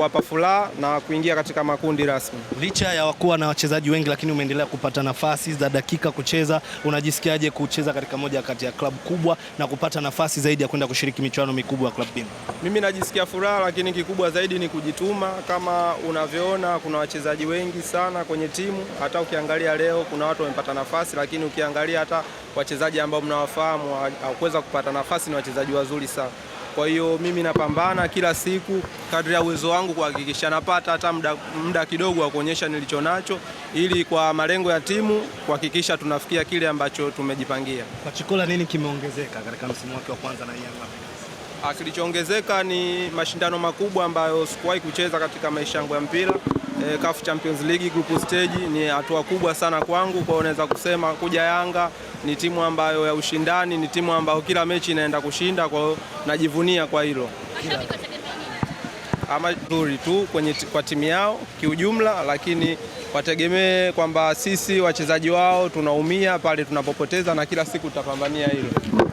kuwapa furaha na kuingia katika makundi rasmi. Licha ya kuwa na wachezaji wengi, lakini umeendelea kupata nafasi za dakika kucheza. Unajisikiaje kucheza katika moja kati ya klabu kubwa na kupata nafasi zaidi ya kwenda kushiriki michuano mikubwa ya klabu bingwa? Mimi najisikia furaha, lakini kikubwa zaidi ni kujituma. Kama unavyoona, kuna wachezaji wengi sana kwenye timu. Hata ukiangalia leo kuna watu wamepata nafasi, lakini ukiangalia hata wachezaji ambao mnawafahamu hawakuweza kupata nafasi, ni wachezaji wazuri sana. Kwa hiyo mimi napambana kila siku kadri ya uwezo wangu kuhakikisha napata hata muda, muda kidogo wa kuonyesha nilicho nacho ili kwa malengo ya timu kuhakikisha tunafikia kile ambacho tumejipangia. Kwa Chikola nini kimeongezeka katika msimu wake wa kwanza na Yanga? Africans? Ah, kilichoongezeka ni mashindano makubwa ambayo sikuwahi kucheza katika maisha yangu ya mpira. E, CAF Champions League group stage ni hatua kubwa sana kwangu, kwa unaweza kusema kuja Yanga ni timu ambayo ya ushindani, ni timu ambayo kila mechi inaenda kushinda, kwa hiyo najivunia kwa hilo ama zuri tu kwenye kwa timu yao kiujumla, lakini wategemee kwamba sisi wachezaji wao tunaumia pale tunapopoteza, na kila siku tutapambania hilo.